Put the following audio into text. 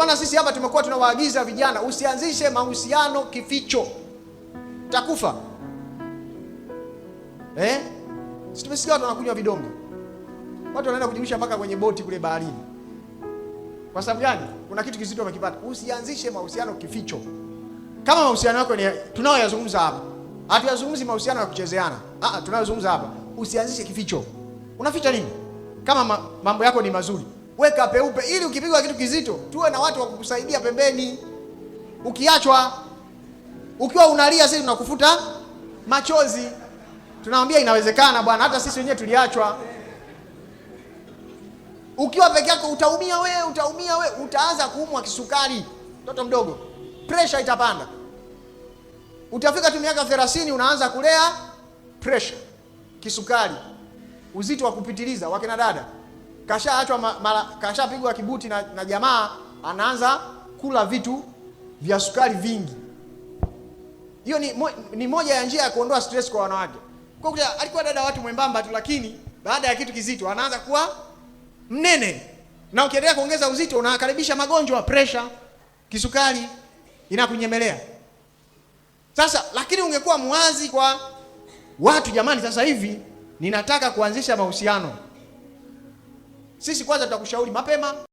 maana sisi hapa tumekuwa tunawaagiza vijana, usianzishe mahusiano kificho, takufa eh? Si tumesikia watu wanakunywa vidongo, watu wanaenda kujirusha mpaka kwenye boti kule baharini. Kwa sababu gani? Kuna kitu kizito wamekipata. Usianzishe mahusiano kificho. Kama mahusiano yako ni tunayoyazungumza hapa, hatuyazungumzi mahusiano ya kuchezeana, ah, ah, tunayozungumza hapa, usianzishe kificho. Unaficha nini kama mambo yako ni mazuri? weka peupe, ili ukipigwa kitu kizito tuwe na watu wa kukusaidia pembeni. Ukiachwa ukiwa unalia, sisi tunakufuta machozi, tunamwambia inawezekana bwana, hata sisi wenyewe tuliachwa. Ukiwa peke yako utaumia we, utaumia we, utaanza kuumwa kisukari, mtoto mdogo, pressure itapanda. Utafika tu miaka 30 unaanza kulea pressure, kisukari, uzito wa kupitiliza, wakina dada kashaachwa mara, kashapigwa kibuti na, na jamaa anaanza kula vitu vya sukari vingi. Hiyo ni, mo, ni moja ya njia ya kuondoa stress kwa wanawake. Kwa kuja alikuwa dada watu mwembamba tu, lakini baada ya kitu kizito anaanza kuwa mnene, na ukiendelea kuongeza uzito unakaribisha magonjwa, pressure, kisukari inakunyemelea. Sasa lakini ungekuwa mwazi kwa watu, jamani, sasa hivi ninataka kuanzisha mahusiano sisi kwanza tutakushauri mapema.